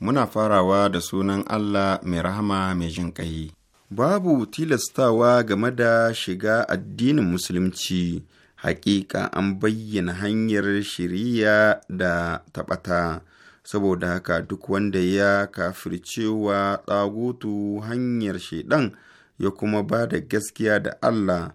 Muna farawa da sunan Allah mai rahama mai jin ƙai. Babu tilastawa game da shiga addinin Musulunci, hakika an bayyana hanyar shiriya da taɓata, saboda haka duk wanda ya cewa tsagutu hanyar shaidan ya kuma ba da gaskiya da Allah.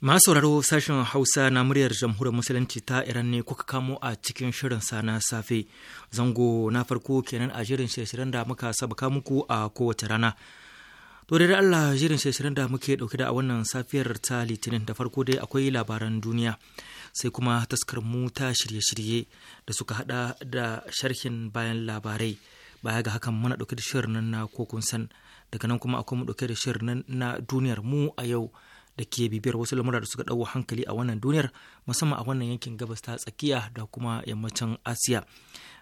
Masu sauraro sashen Hausa na muryar jamhuriyar Musulunci ta Iran ne kuka kamo a cikin shirin sa na safe. Zango na farko kenan a jirin shirin da muka sabaka muku a kowace rana. To da Allah jirin shirin da muke dauke da a wannan safiyar ta Litinin da farko dai akwai labaran duniya. Sai kuma taskar mu ta shirye-shirye da suka hada da sharhin bayan labarai. Baya ga hakan muna dauke da shirin na kokun san daga nan kuma akwai mu dauke da shirin na duniyar mu a yau. da ke bibiyar wasu lamura da suka ɗau hankali a wannan duniyar musamman a wannan yankin gabas ta tsakiya da kuma yammacin asiya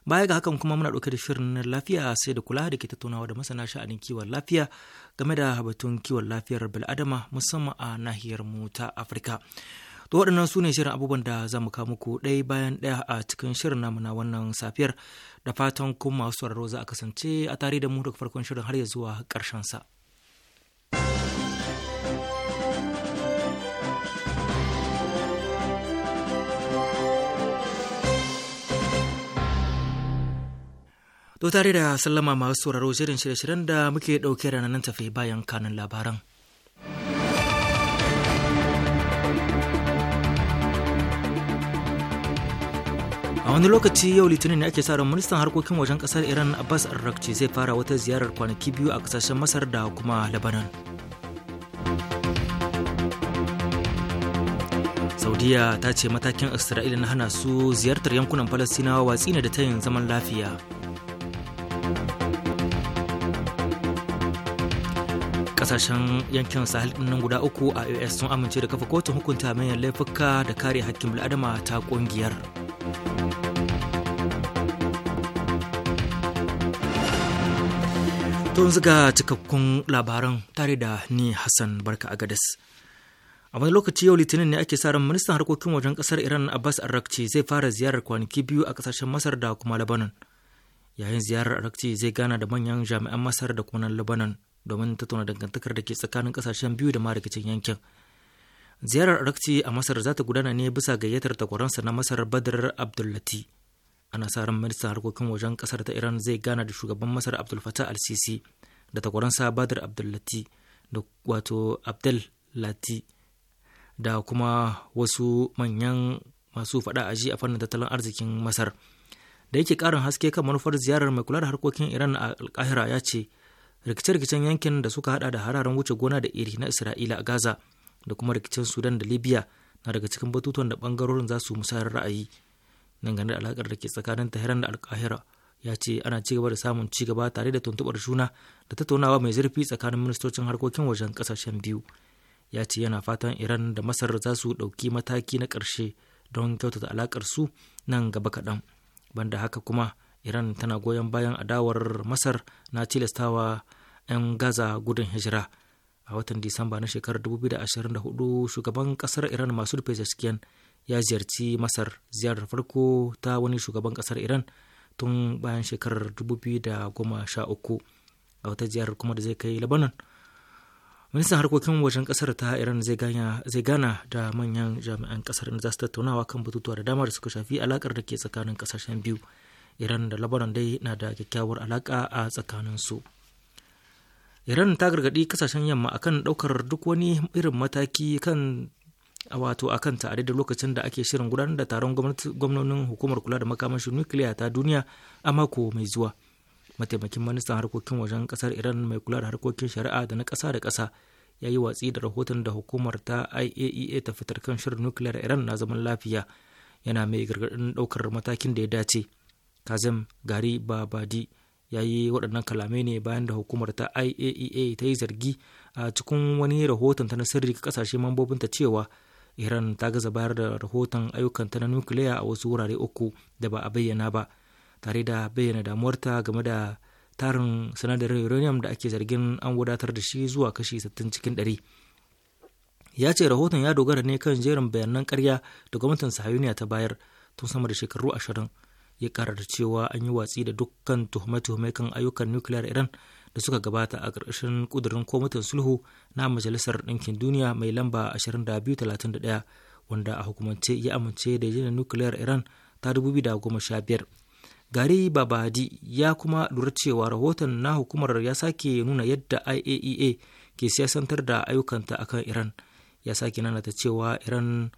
baya ga hakan kuma muna ɗauke da shirin lafiya sai da kula da ke tattaunawa da masana sha'anin kiwon lafiya game da batun kiwon lafiyar bil'adama musamman a nahiyar mu ta afirka to waɗannan su ne shirin abubuwan da za mu kawo muku ɗaya bayan ɗaya a cikin shirin namu na wannan safiyar da fatan kuma masu sauraro za a kasance a tare da mu daga farkon shirin har ya zuwa ƙarshen sa. To tare da sallama masu sauraro shirin shirye-shiryen da muke ɗauke da nan tafi bayan kanin labaran. A wani lokaci yau Litinin ne ake sa ran ministan harkokin wajen ƙasar Iran Abbas Arrakci zai fara wata ziyarar kwanaki biyu a kasashen Masar da kuma Lebanon. Saudiya ta ce matakin Isra'ila na hana su ziyartar yankunan Falasinawa watsi ne da tayin zaman lafiya. kasashen yankin sahel nan guda uku a us sun amince da kafa kotun hukunta manyan laifuka da kare hakkin bil'adama ta kungiyar tun ziga cikakkun labaran tare da ni hassan barka agadis a wani lokaci yau litinin ne ake sa ran ministan harkokin wajen kasar iran abbas arrakci zai fara ziyarar kwanaki biyu a kasashen masar da kuma lebanon yayin ziyarar arakci zai gana da manyan jami'an masar da kuma lebanon domin tattauna dangantakar da ke tsakanin kasashen biyu da ma yankin ziyarar arakci a masar za ta gudana ne bisa gayyatar takwaransa na masar badar abdullati ana sa ran ministan harkokin wajen kasar ta iran zai gana da shugaban masar abdul fattah al-sisi da takwaransa badar abdullati da wato abdul lati da kuma wasu manyan masu faɗa aji a fannin tattalin arzikin masar da yake karin haske kan manufar ziyarar mai kula da harkokin iran a alkahira ya ce rikice-rikicen yankin da suka hada da hararen wuce gona da iri na isra'ila a gaza da kuma rikicin sudan da libya na daga cikin batutuwan da bangarorin za su musayar ra'ayi dangane da alakar da ke tsakanin tahiran da alkahira ya ce ana ci gaba da samun ci gaba tare da tuntubar juna da tattaunawa mai zurfi tsakanin ministocin harkokin wajen kasashen biyu ya ce yana fatan iran da masar za su ɗauki mataki na karshe don kyautata alakar su nan gaba kaɗan. banda haka kuma iran tana goyon bayan adawar masar na tilastawa 'yan gaza gudun hijira a watan disamba na shekarar 2024 shugaban kasar iran masu pezeshkian ya ziyarci masar ziyarar farko ta wani shugaban kasar iran tun bayan shekarar 2013 a wata ziyarar kuma da zai kai lebanon ministan harkokin wajen kasar ta iran zai gana da manyan jami'an kasar inda za su tattaunawa kan batutuwa da dama da suka shafi alakar da ke tsakanin kasashen biyu iran da labaran dai na da kyakkyawar alaka a tsakanin su iran ta gargaɗi kasashen yamma akan ɗaukar duk wani irin mataki kan a wato a kanta a daidai lokacin da ake shirin gudanar da taron gwamnonin hukumar kula da makamashin nukiliya ta duniya a mako mai zuwa mataimakin ministan harkokin wajen kasar iran mai kula da harkokin shari'a da na kasa da kasa ya yi watsi da rahoton da hukumar ta iaea e ta fitar kan shirin nukiliyar iran na zaman lafiya yana mai gargaɗin ɗaukar matakin da ya dace kazim gari babadi ya yi waɗannan kalamai ne bayan da hukumar ta iaea e ta yi zargi a cikin wani rahoton ta na sirri ga mambobin ta cewa iran ta gaza bayar da rahoton ayyukanta na nukiliya a wasu wurare uku da ba a bayyana ba tare da bayyana damuwarta game da tarin sinadarin uranium da ake zargin an wadatar da shi zuwa kashi 60 cikin 100 ya ce rahoton ya dogara ne kan jerin bayanan karya da gwamnatin sahayuniya ta bayar tun sama da shekaru ashirin ya kara da cewa an yi watsi da dukkan tuhume-tuhume kan ayyukan nukiliyar iran da suka gabata a ƙarƙashin ƙudurin kwamitin sulhu na majalisar ɗinkin duniya mai lamba 2231 wanda a hukumance ya amince da yanar nukiliyar iran ta 2015 gari babadi ya kuma lura cewa rahoton na hukumar ya sake nuna yadda iaea e ke siyasantar da ayyukanta akan iran ya sake nanata cewa iran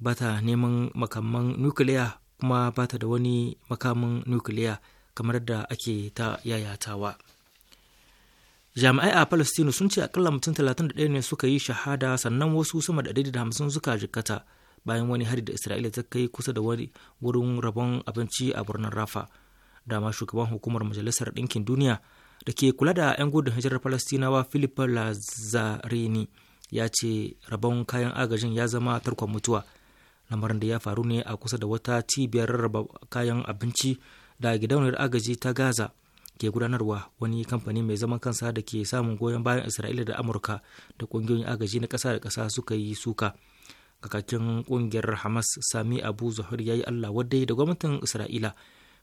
bata neman makaman nukiliya kuma bata da wani makamin nukiliya kamar da ake ta yayatawa jami'ai a palestine sun ce akalla mutum 31 ne suka yi shahada sannan wasu sama da 150 suka jikkata bayan wani hari da isra'ila ta kai kusa da wani wurin rabon abinci a birnin rafa dama shugaban hukumar majalisar ɗinkin duniya da ke kula da 'yan gudun hijirar falastinawa philip lazarini ya ce rabon kayan agajin ya zama tarkon mutuwa lamarin da ya faru ne a kusa da wata cibiyar raba kayan abinci da gidauniyar agaji ta gaza ke gudanarwa wani kamfani mai zaman kansa da ke samun goyon bayan isra'ila da amurka da ƙungiyoyin agaji na kasa da kasa suka yi suka kakakin kungiyar hamas sami abu zuhur ya yi allah wadai da gwamnatin isra'ila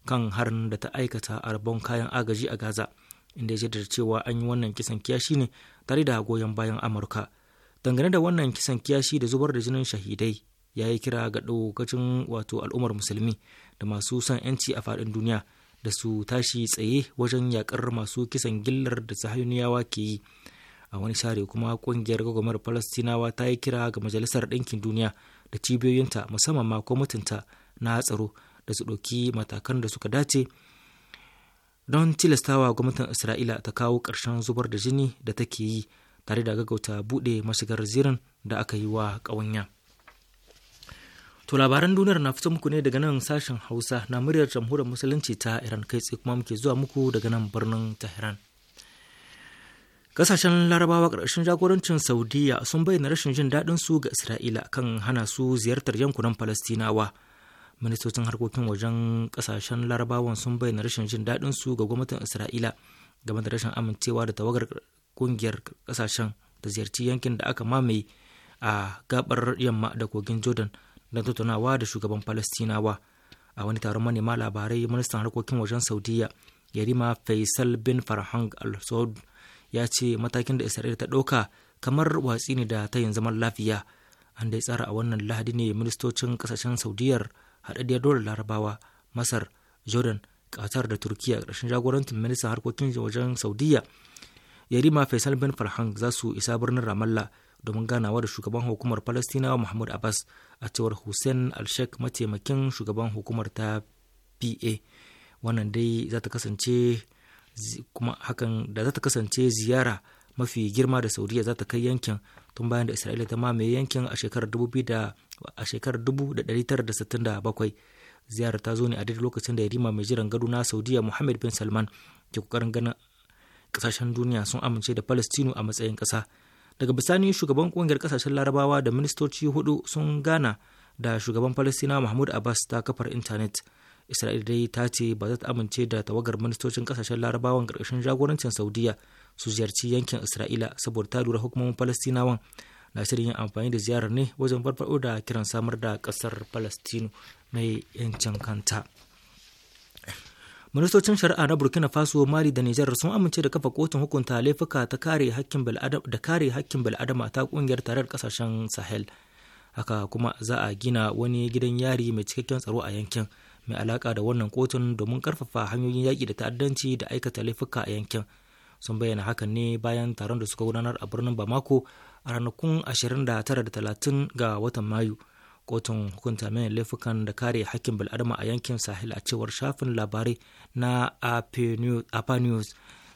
kan harin da ta aikata a rabon kayan agaji a gaza inda ya da cewa an yi wannan kisan kiyashi ne tare da goyon bayan amurka dangane da wannan kisan kiyashi da zubar da jinin shahidai ya yi kira ga ɗaukacin wato al'ummar musulmi da masu son 'yanci a faɗin duniya da su tashi tsaye wajen yakar masu kisan gillar da sahayuniyawa ke yi a wani share kuma kungiyar gwagwamar falastinawa ta yi kira ga majalisar ɗinkin duniya da cibiyoyinta musamman ma kwamitinta na tsaro da su ɗauki matakan da suka dace don tilastawa gwamnatin isra'ila ta kawo ƙarshen zubar da jini da take yi tare da gaggauta buɗe mashigar zirin da aka yi wa ƙawanya to labaran duniyar na fito muku ne daga nan sashen hausa na muryar jamhuriyar musulunci ta iran kai tsaye kuma muke zuwa muku daga nan birnin tehran Ƙasashen larabawa ƙarshen jagorancin Saudiya sun bayyana rashin jin daɗin su ga Isra'ila kan hana su ziyartar yankunan Falastinawa. Ministocin harkokin wajen ƙasashen larabawan sun bayyana rashin jin daɗin su ga gwamnatin Isra'ila game da rashin amincewa da tawagar ƙungiyar ƙasashen da ziyarci yankin da aka mamaye a gabar yamma da kogin Jordan don tattaunawa da shugaban Falastinawa. A wani taron manema labarai ministan harkokin wajen Saudiya Yarima Faisal bin Farhang al-Saud ya ce matakin da isra'ila ta ɗauka kamar watsi ne da ta yin zaman lafiya an dai tsara a wannan lahadi ne ministocin kasashen saudiyar haɗaɗɗiyar dole larabawa masar jordan qatar da turkiya ƙarshen jagorantin ministan harkokin wajen saudiya yarima faisal bin farhan za su isa birnin ramallah domin ganawa da shugaban hukumar palestinawa mahmud abbas a cewar hussein alshek mataimakin shugaban hukumar ta pa wannan dai za ta kasance kuma hakan da za ta kasance ziyara mafi girma da saudiya za ta kai yankin tun bayan da isra'ila ta mamaye yankin a shekarar 1967 ziyara ta zo ne a daidai lokacin da yarima mai jiran gado na saudiya muhammad bin salman ke kokarin ganin kasashen duniya sun amince da palestino a matsayin kasa daga bisani shugaban kungiyar kasashen larabawa da ministoci hudu sun gana da shugaban palestina mahmud abbas ta kafar intanet isra'ila dai ta ce ba za ta amince da tawagar ministocin kasashen larabawan karkashin jagorancin saudiya su ziyarci yankin isra'ila saboda ta lura hukumomin falastinawan na shirin yin amfani da ziyarar ne wajen farfaɗo da kiran samar da ƙasar falastinu mai yancin kanta ministocin shari'a na burkina faso mali da nijar sun amince da kafa kotun hukunta laifuka ta kare hakkin bil'adama da kare hakkin bil'adama ta kungiyar tarar kasashen sahel haka kuma za a gina wani gidan yari mai cikakken tsaro a yankin mai alaka da wannan kotun domin karfafa hanyoyin yaƙi da ta'addanci da aikata laifuka a yankin sun bayyana hakan ne bayan taron da suka gudanar a birnin bamako a ranakun 29 da 30 ga watan mayu kotun hukunta mai laifukan da kare hakkin bil'adama a yankin sahel a cewar shafin labarai na apa news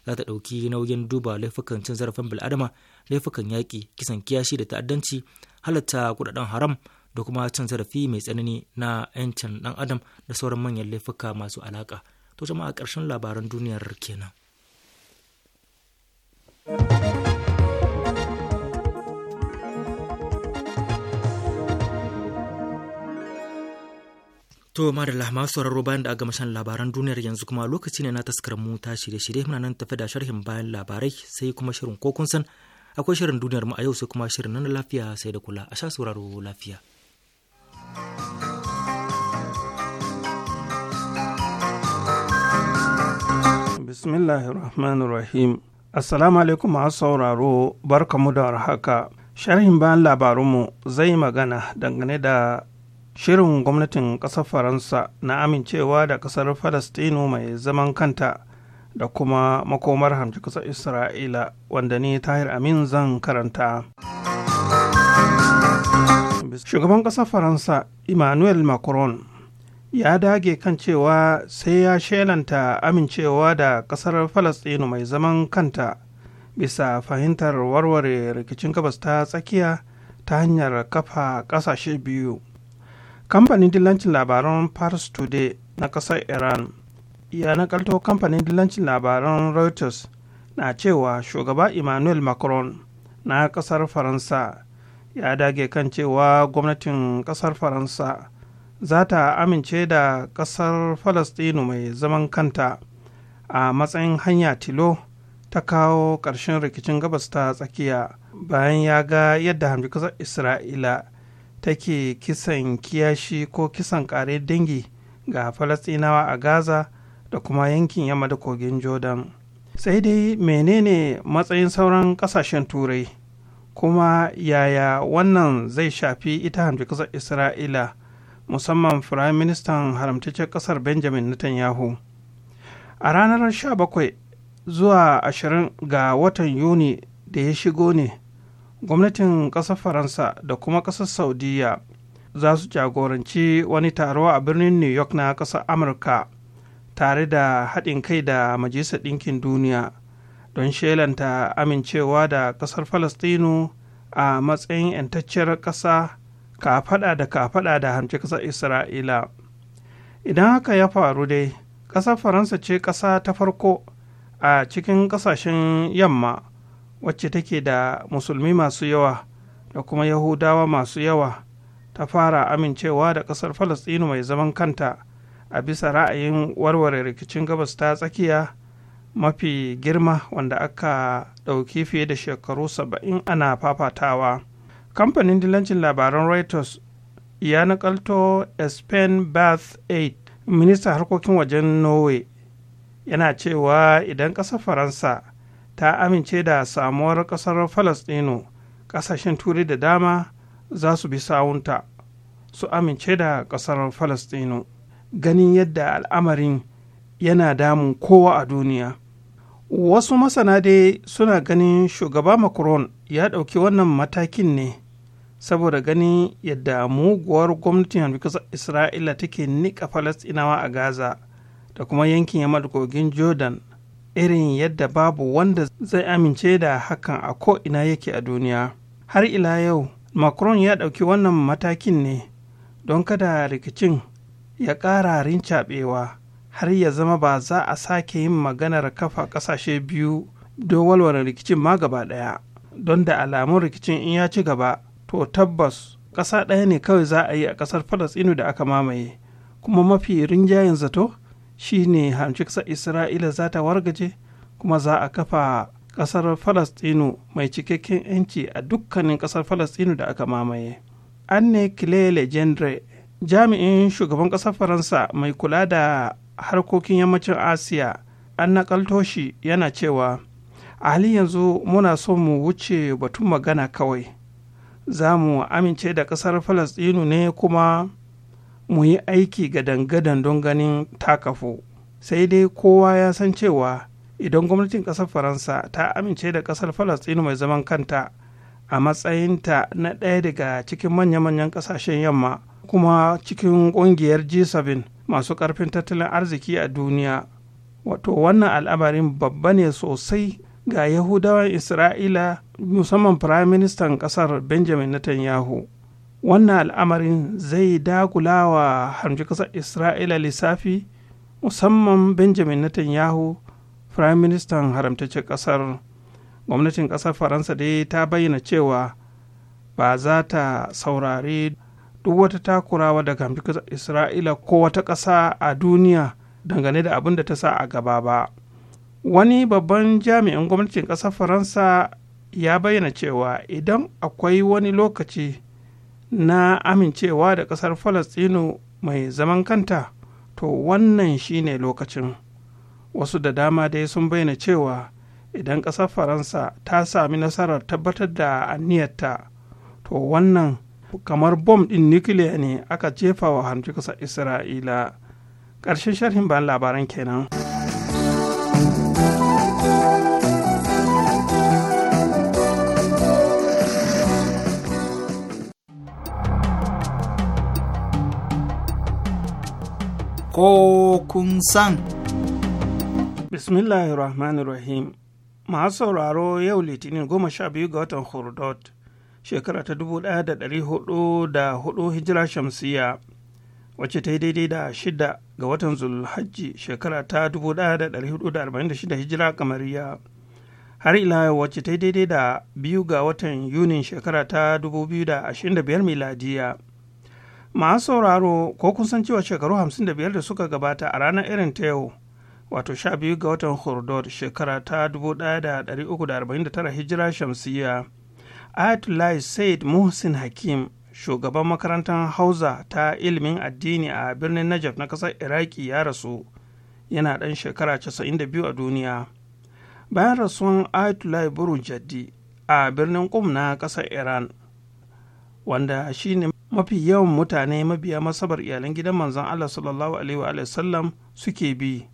za ta ɗauki nauyin duba laifukan cin zarafin bil'adama laifukan yaƙi kisan kiyashi da ta'addanci halatta kudaden haram da kuma cin zarafi mai tsanani na 'yancin dan adam da sauran manyan laifuka masu alaka to jama'a ƙarshen labaran duniyar kenan To madalla masu sauraro bayan da aka shan labaran duniyar yanzu kuma lokaci ne na taskarar mu ta shirye-shirye muna nan tafi da sharhin bayan labarai sai kuma shirin ko san akwai shirin duniyar mu a yau sai kuma shirin nan lafiya sai da kula a sha sauraro lafiya. Bismillahirrahmanirrahim. Assalamu alaikum a sauraro barkamu da haka Sharhin bayan labarunmu zai magana dangane da shirin gwamnatin ƙasar Faransa na amincewa da ƙasar Falastinu mai zaman kanta da kuma makomar hamci ƙasar Isra'ila wanda ni Tahir Amin zan karanta. shugaban ƙasar faransa emmanuel macron ya dage kan cewa sai ya shelanta amincewa da ƙasar falastinu mai zaman kanta bisa fahimtar warware rikicin gabas ta tsakiya ta hanyar kafa ƙasashe biyu kamfanin dillancin labaran Paris today na ƙasar iran ya nakalto kamfanin dillancin labaran reuters na cewa shugaba emmanuel macron na ƙasar faransa ya dage kan cewa gwamnatin kasar faransa za ta amince da kasar falastinu mai zaman kanta a matsayin hanya tilo ta kawo ƙarshen rikicin gabas ta tsakiya bayan ya ga yadda hamji kasar isra'ila take kisan kiyashi ko kisan ƙare dangi ga falastinawa a gaza da kuma yankin yamma da kogin jordan sai dai menene matsayin sauran ƙasashen turai kuma yaya wannan zai shafi ita hamci kasar isra'ila musamman firayim ministan haramtaccen kasar benjamin netanyahu a ranar 17 zuwa 20 ga watan yuni da ya shigo ne gwamnatin kasar faransa da kuma kasar saudiya za su jagoranci wani taro a birnin new york na kasar amurka tare da haɗin kai da majalisar ɗinkin duniya don shelanta amincewa da ƙasar falastinu a matsayin 'yantacciyar ƙasa kafaɗa da ka kafaɗa da hamci ƙasar isra'ila idan haka ya faru dai ƙasar faransa ce ƙasa ta farko a cikin ƙasashen yamma wacce take da musulmi masu yawa da kuma yahudawa masu yawa ta fara amincewa da ƙasar falastinu mai zaman kanta a bisa ra'ayin warware rikicin gabas ta tsakiya mafi girma wanda aka ɗauki fiye da shekaru saba'in ana fafatawa kamfanin dilancin labaran reuters ya nakalto spain bath 8 Minista harkokin wajen norway yana cewa idan ƙasar faransa ta amince da samuwar ƙasar falastino ƙasashen turai da dama za su bi sawunta su amince da ƙasar falastino ganin yadda al'amarin yana damun kowa a duniya wasu masana dai suna ganin shugaba macron ya ɗauki wannan matakin ne saboda ganin yadda muguwar gwamnatin hamdukasar isra'ila take nika falastinawa a gaza da kuma yankin yamma da kogin jordan irin yadda babu wanda zai amince da hakan a ko ina yake a duniya har ila yau macron ya ɗauki wannan matakin ne don kada rikicin ya ƙara rincaɓewa har ya zama ba za a sake yin maganar kafa ƙasashe biyu don walwala rikicin ma gaba ɗaya don da alamun rikicin in ya ci gaba to tabbas ƙasa ɗaya ne kawai za a yi a ƙasar Falastinu da aka mamaye kuma mafi rinjayen zato shine hanci ƙasar isra'ila za ta wargaje kuma za a kafa ƙasar falasɗinu mai cikakken 'yanci a dukkanin ƙasar falasɗinu da aka mamaye anne kile legendre jami'in shugaban ƙasar faransa mai kula da harkokin yammacin asiya an nakalto shi yana cewa a halin yanzu muna so mu wuce batun magana kawai za mu amince da ƙasar falastinu ne kuma mu yi aiki gadan-gadan don ganin takafu sai dai kowa ya san cewa idan gwamnatin ƙasar faransa ta amince da ƙasar falastinu mai zaman kanta a matsayinta na ɗaya daga cikin manya-manyan ƙasashen yamma kuma cikin ƙungiyar g7 masu ƙarfin tattalin arziki a duniya wato wannan al'amarin babba ne sosai ga yahudawan isra'ila musamman firaministan ƙasar benjamin netanyahu wannan al'amarin zai dagula wa ƙasar isra'ila lissafi musamman benjamin netanyahu firaministan haramtaccen Kasar gwamnatin ƙasar faransa dai ta bayyana cewa ba za ta saurari duk wata takurawa daga isra'ila ko wata ƙasa a duniya dangane da abin da ta sa a gaba ba wani babban jami'in gwamnatin ƙasar faransa ya bayyana cewa idan akwai wani lokaci na amincewa da ƙasar falastino mai zaman kanta to wannan shine lokacin wasu da dama dai sun bayyana cewa idan ƙasar faransa ta sami nasarar tabbatar da aniyarta to wannan kamar bom ɗin nukiliya ne aka jefa wa hanci kusa isra'ila ƙarshen sharhin ban labaran kenan. ko kun san. Bismillahirrahmanirrahim. Masu sauraro yau Litinin goma sha biyu ga watan Hurdot, shekara ta 1404 hijira shamsiya wacce ta yi daidai da shida ga watan zulhajji shekara ta 1446 hijira kamariya har ila wacce ta yi daidai da biyu ga watan yunin shekara ta 2025 miladiya masu sauraro ko kun san cewa shekaru 55 da suka gabata a ranar irin ta yau wato sha biyu ga watan hurdod shekara ta 1349 hijira shamsiya Ayatollah Said Muhsin Hakim shugaban makarantar Hausa ta ilimin addini a birnin Najaf na ƙasar Iraki ya rasu yana ɗan shekara 92 a duniya. Bayan rasuwan Ayatollah Burun Jaddi a birnin Qum na ƙasar Iran wanda shine mafi yawan mutane mabiya masabar iyalan gidan manzon Allah sallallahu alaihi wa sallam suke bi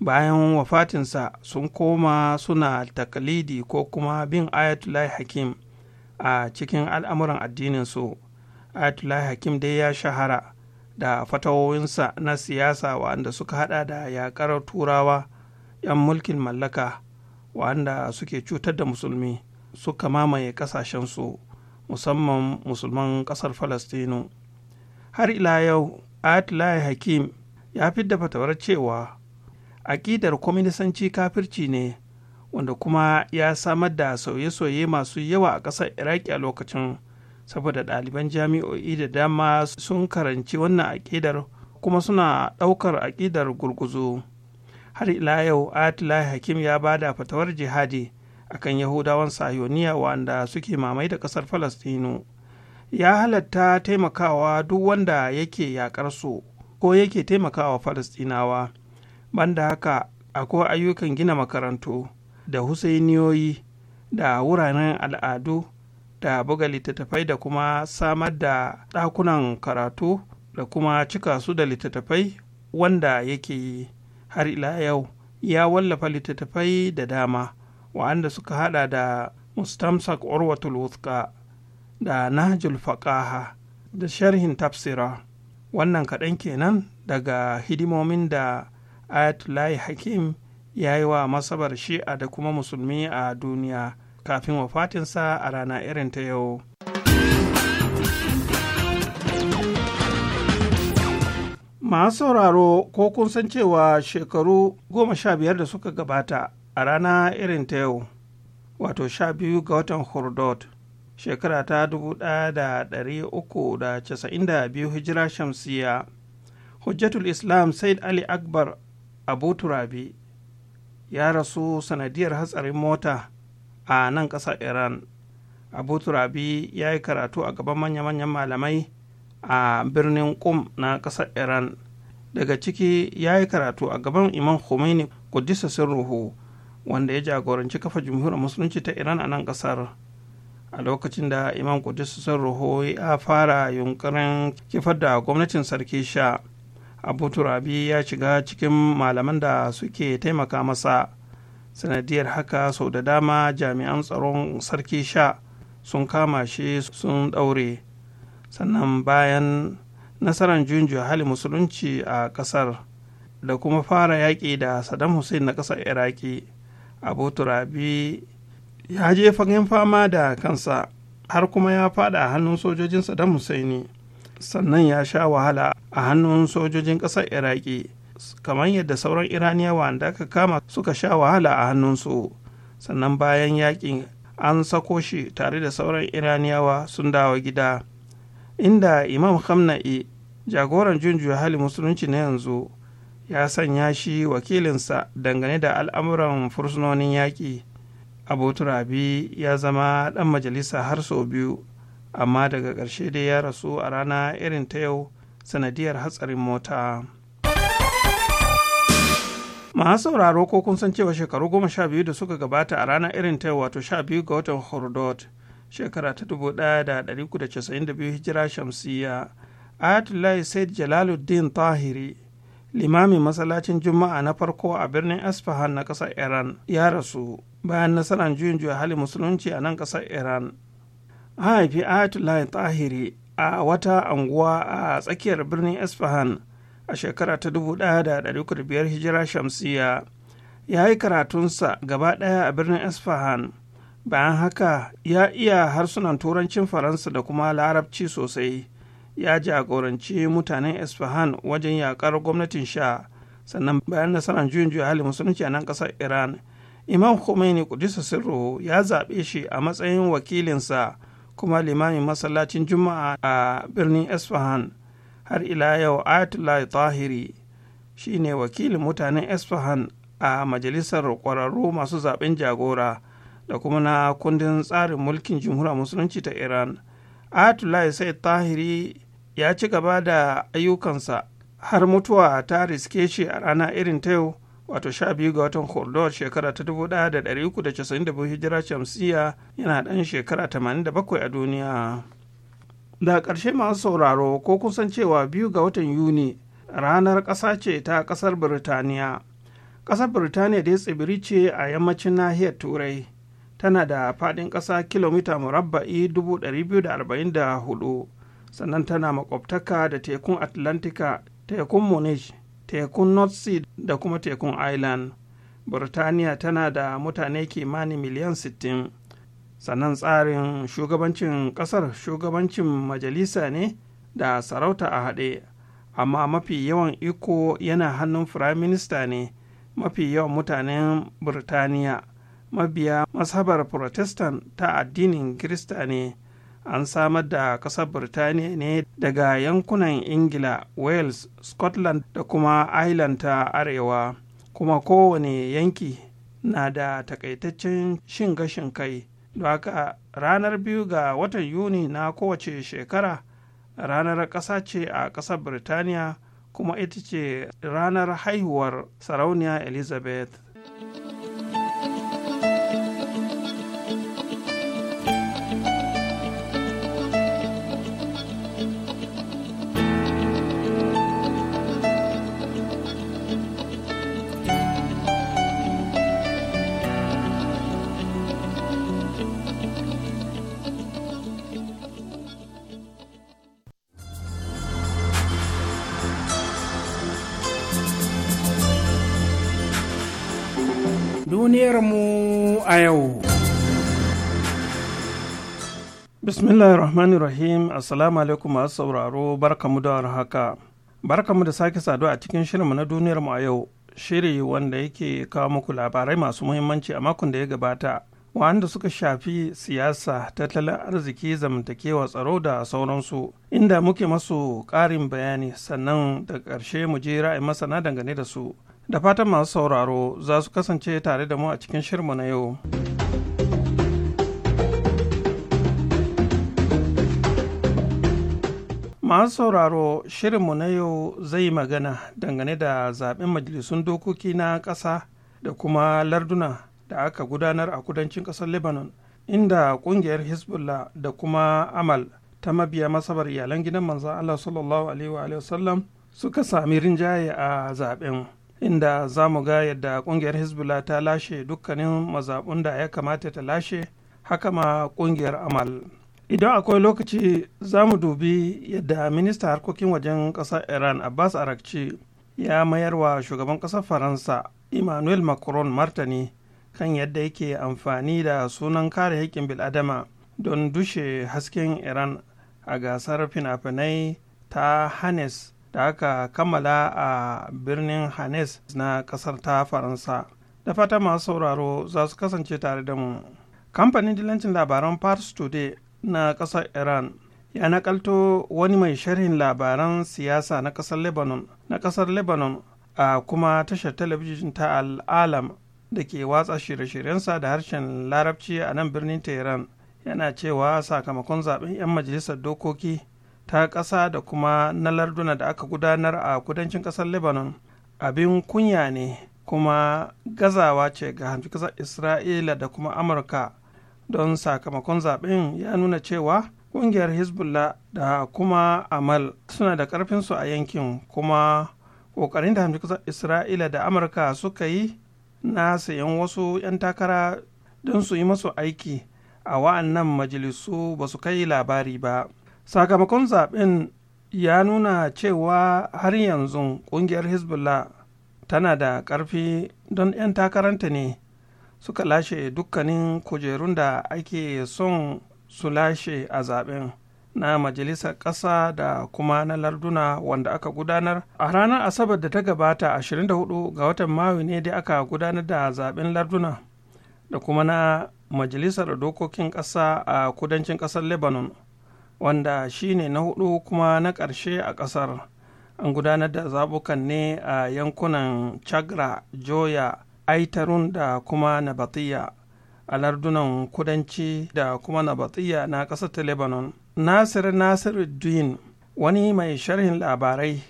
bayan wafatinsa sun koma suna takalidi ko kuma bin Ayatollah hakim a cikin al'amuran addininsu ayatollah hakim dai ya shahara da fatawoyinsa na siyasa waɗanda suka hada da yakar turawa 'yan mulkin mallaka waɗanda suke cutar da musulmi suka mamaye ƙasashensu musamman musulman ƙasar falastinu har ila yau ayatollah hakim ya fidda fatawar cewa aƙidar kwaminisanci kafirci ne wanda kuma ya samar da sauye-sauye masu yawa a ƙasar iraki a lokacin saboda ɗaliban jami'o'i da dama sun karanci wannan aƙidar kuma suna ɗaukar aƙidar gurguzu har ila yau atila hakim ya ba da fatawar jihadi a kan yahudawan sayoniya wanda suke mamai da ƙasar falastinu ya halatta taimakawa duk wanda yake yaƙar su ko yake taimakawa falastinawa banda haka akwai ayyukan gina makarantu da husainiyoyi da wuraren al'adu da buga littattafai da kuma samar da ɗakunan karatu da kuma cika su da littattafai wanda yake yi har ila yau ya wallafa littattafai da dama wa'anda suka hada da mustamsak orwatul wuska da nahjul faqaha da sharhin tafsira wannan kaɗan kenan daga hidimomin da ayatullahi hakim ya yi wa masabar shi'a da kuma musulmi a duniya kafin wafatinsa a rana irin ta yau masu sauraro ko kun san cewa shekaru goma sha biyar da suka gabata a rana irin ta yau wato sha biyu ga watan hurdot shekara ta dubu ɗaya da da da ɗari uku casa'in biyu hijira shamsiya hujjatul islam said ali akbar abu turabi ya rasu sanadiyar hatsarin mota a nan ƙasar iran abu turabi ya yi karatu a gaban manya-manyan malamai a birnin kum na ƙasar iran daga ciki ya yi karatu a gaban imam khomeini kudisa sirruhu wanda ya jagoranci kafa jamhuriyar musulunci ta iran a nan ƙasar a lokacin da imam kudisa sirruhu ya fara yunkurin kifar da gwamnatin sarki sha abu turabi ya shiga cikin malaman da suke taimaka masa sanadiyar haka sau da dama jami'an tsaron sarki sha sun kama shi sun ɗaure sannan bayan nasarar junju hali musulunci a ƙasar da kuma fara yaƙi da saddam hussein na ƙasar iraki abu turabi ya je fama da kansa har kuma ya faɗa hannun sojojin saddam hussein sannan ya sha wahala a hannun sojojin ƙasar iraki kamar yadda sauran iraniyawa da aka kama suka sha wahala a hannunsu sannan bayan yakin an sako shi tare da sauran iraniyawa sun dawo gida inda imam hamna'i jagoran junjuya hali musulunci na yanzu ya sanya shi wakilinsa dangane da al'amuran fursunonin yaƙi abu turabi ya zama ɗan majalisa har sau biyu amma daga ƙarshe dai ya rasu a rana irin ta yau sanadiyar hatsarin mota masu sauraro ko kun san cewa shekaru goma sha biyu da suka gabata a ranar irin ta yau wato sha biyu ga watan hordot shekara ta dubu ɗaya da ɗari da casa'in da biyu hijira shamsiya ayatullahi said jalaluddin tahiri limamin masallacin juma'a na farko a birnin asfahan na ƙasar iran ya rasu bayan nasarar juyin juya hali musulunci a nan ƙasar iran an haifi ayatollah tahiri a wata anguwa a tsakiyar birnin isfahan a shekara ta 1500 hijira shamsiya ya yi karatunsa gaba ɗaya a birnin isfahan bayan haka ya iya harsunan turancin faransa da kuma larabci sosai ya jagoranci mutanen isfahan wajen yakar gwamnatin sha sannan bayan nasarar juyin juya hali musulunci a nan ƙasar iran imam khomeini kudisa sirru ya zaɓe shi a matsayin wakilinsa kuma limamin masallacin juma'a a birnin Esfahan har ila yau ayatollah tahiri shine wakilin mutanen Esfahan a majalisar ƙwararru masu zaben jagora da kuma na kundin tsarin mulkin jamhuriyar musulunci ta iran ayatollah sai tahiri ya ci gaba da ayyukansa har mutuwa ta riske shi a rana irin ta yau wato sha biyu ga watan hordor shekara ta dubu ɗaya da ɗari uku da casa'in da hijira shamsiya yana ɗan shekara tamanin da bakwai a duniya da ƙarshe masu sauraro ko kusan cewa biyu ga watan yuni ranar ƙasa ce ta ƙasar birtaniya ƙasar birtaniya dai tsibiri ce a yammacin nahiyar turai tana da faɗin ƙasa kilomita murabba'i dubu biyu da da arba'in hudu, sannan tana makwabtaka da tekun atlantika tekun munich tekun north sea da kuma tekun ireland burtaniya tana da mutane kimani miliyan 60 sannan tsarin shugabancin kasar shugabancin majalisa ne da sarauta a haɗe amma mafi yawan iko yana hannun firaminista ne mafi yawan mutanen burtaniya mabiya mashabar protestant ta addinin kirista ne an samar da ƙasar birtaniya ne daga yankunan ingila wales scotland da kuma ireland ta arewa kuma kowane yanki na da takaitaccen shin gashin kai don haka ranar biyu ga watan yuni na kowace shekara ranar ƙasa ce a ƙasar birtaniya kuma ita ce ranar haihuwar sarauniya elizabeth duniyarmu a yau. rahim Assalamu alaikum masu sauraro barkamu da haka. Barkamu da sake saduwa a cikin shirinmu na duniyarmu a yau, shiri wanda yake kawo muku labarai masu muhimmanci a makon da ya gabata, wanda suka shafi siyasa, tattalin arziki, zamantakewa, tsaro da sauransu, inda muke masu ƙarin bayani sannan da ƙarshe mu je ra'ayin masana dangane da su. da fatan masu sauraro za su kasance tare da mu a cikin shirmu na yau. masu sauraro shirinmu na yau zai magana dangane da zaben majalisun dokoki na ƙasa da kuma larduna da aka gudanar a kudancin ƙasar lebanon inda ƙungiyar hezbollah da kuma amal ta mabiya masabar iyalan gidan manzan allah sallallahu alaihi wa sallam suka sami rinjaye a zaben inda za mu ga yadda kungiyar hezbollah ta lashe dukkanin mazaɓun da ya kamata ta lashe haka ma kungiyar amal idan akwai lokaci za mu dubi yadda minista harkokin wajen ƙasar iran abbas arakci ya mayar wa shugaban ƙasar faransa emmanuel macron martani kan yadda yake amfani da sunan kare haƙƙin bil'adama don dushe hasken iran a gasar fina-finai ta hannes da aka kammala a birnin hannes na kasar ta faransa da fata masu sauraro za su kasance tare da mu kamfanin dilancin labaran pars today na kasar iran ya nakalto wani mai sharhin labaran siyasa na kasar lebanon na kasar lebanon a kuma tashar talabijin ta al'alam da ke watsa shirye-shiryensa da harshen larabci a nan birnin tehran yana cewa sakamakon zaben 'yan majalisar dokoki ta ƙasa da kuma na larduna da aka gudanar a kudancin ƙasar lebanon abin kunya ne kuma gazawa ce ga hamshi ƙasar isra'ila da kuma amurka don sakamakon zaɓen ya nuna cewa ƙungiyar hezbollah da kuma amal suna da ƙarfinsu a yankin kuma ƙoƙarin da hamshi ƙasar isra'ila da amurka suka yi na sayan wasu 'yan takara don su yi masu aiki a wa'annan majalisu ba su kai labari ba sakamakon zaben ya nuna cewa har yanzu kungiyar hezbollah tana da ƙarfi don 'yan takaranta ne suka lashe dukkanin kujerun da ake son su lashe a zaben na majalisar ƙasa da kuma na larduna wanda aka gudanar a ranar asabar da ta gabata 24 ga watan mayu ne da aka gudanar da zaben larduna da kuma na majalisar dokokin ƙasa a kudancin ƙasar lebanon wanda shine na hudu kuma na ƙarshe a ƙasar an gudanar da zabukan ne a yankunan chagra joya aitarun da kuma nabatiya a lardunan kudanci da kuma nabatiya na ƙasar ta lebanon nasir duin wani mai sharhin labarai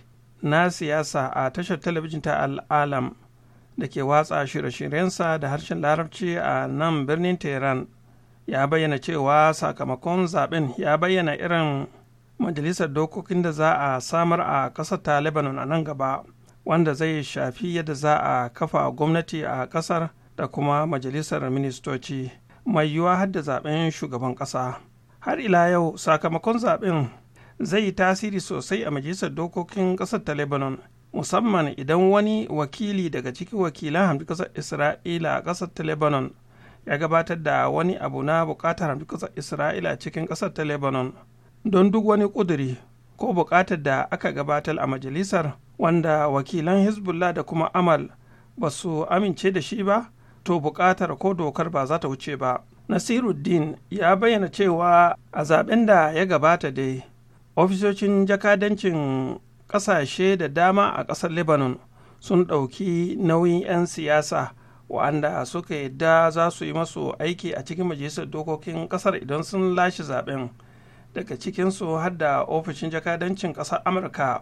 na siyasa a tashar talabijin ta al'alam da ke watsa shirye-shiryensa da harshen larabci a nan birnin tehran ya bayyana cewa sakamakon zaben ya bayyana irin majalisar dokokin da za a samar a ƙasar ta a nan gaba wanda zai shafi yadda za a kafa gwamnati a ƙasar da kuma majalisar ministoci mai yiwuwa har da zaben shugaban ƙasa har ila yau sakamakon zaben zai yi tasiri sosai a majalisar dokokin ƙasar ta musamman idan wani wakili daga cikin wakilan hamdu ƙasar isra'ila a ƙasar ta lebanon ya gabatar da wani abu na bukatar hamdu isra'ila cikin ƙasar ta lebanon don duk wani ƙuduri ko bukatar da aka gabatar a majalisar wanda wakilan hezbollah da kuma amal ba su amince da shi ba to bukatar ko dokar ba za ta wuce ba nasiruddin ya bayyana cewa a zaben da ya gabata dai ofisoshin jakadancin ƙasashe da dama a ƙasar lebanon sun ɗauki nauyin 'yan siyasa wa'anda suka yadda za su yi masu aiki a cikin majalisar dokokin kasar idan sun lashe zaben daga cikinsu har da ofishin jakadancin kasar amurka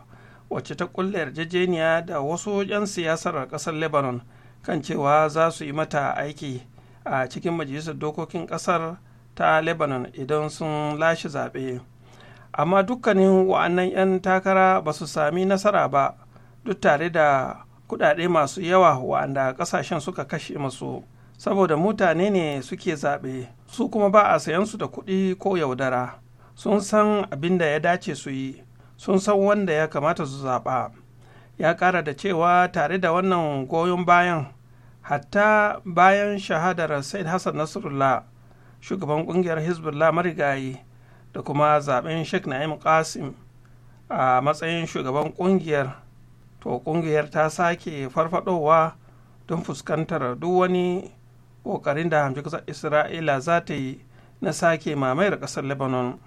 wacce ta kulle yarjejeniya da wasu 'yan siyasar kasar lebanon kan cewa za su yi mata aiki a cikin majalisar dokokin kasar ta lebanon idan sun lashe zaɓe amma dukkanin wa'annan 'yan takara ba su sami nasara ba duk tare da kuɗaɗe masu yawa wa'anda ƙasashen suka kashe masu saboda mutane ne suke zaɓe su kuma ba a sayan su da kuɗi ko yaudara sun san abin da ya dace su yi sun san wanda ya kamata su zaɓa ya ƙara da cewa tare da wannan goyon bayan hatta bayan shahadar said hassan nasrullah shugaban ƙungiyar hezbollah marigayi da kuma zaɓen sheikh na'im qasim a matsayin shugaban ƙungiyar to ƙungiyar ta sake farfadowa don fuskantar duk wani ƙoƙarin da hamshi ƙasar isra'ila za ta yi na sake mamayar ƙasar lebanon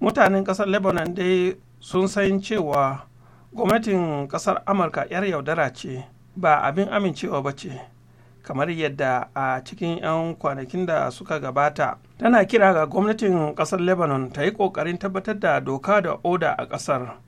mutanen ƙasar lebanon dai sun san cewa gwamnatin ƙasar amurka 'yar yaudara ce ba abin amincewa ba ce kamar yadda a cikin 'yan kwanakin da suka gabata tana kira ga gwamnatin ƙasar lebanon ta yi ƙoƙarin tabbatar da doka da oda a ƙasar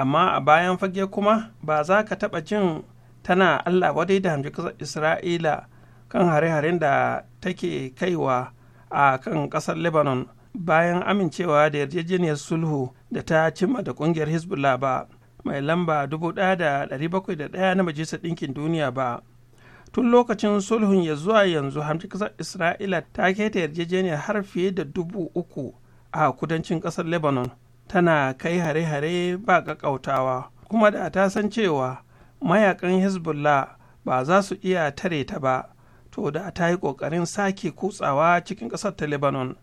amma a bayan fage kuma ba za ka taɓa jin tana allah wadai da hamji ƙasar isra'ila kan hare-haren da take kaiwa a kan ƙasar lebanon bayan amincewa da yarjejeniyar sulhu da ta cimma da ƙungiyar hezbollah ba mai lamba 1701 na majalisar ɗinkin duniya ba tun lokacin sulhun ya zuwa yanzu hamji ƙasar isra'ila ta keta yarjejeniyar har fiye da dubu uku a kudancin ƙasar lebanon tana kai hare-hare ba ƙaƙautawa kuma da ta san cewa mayakan hezbollah ba za su iya tare ta ba to da ta yi ƙoƙarin sake kutsawa cikin ƙasar ta lebanon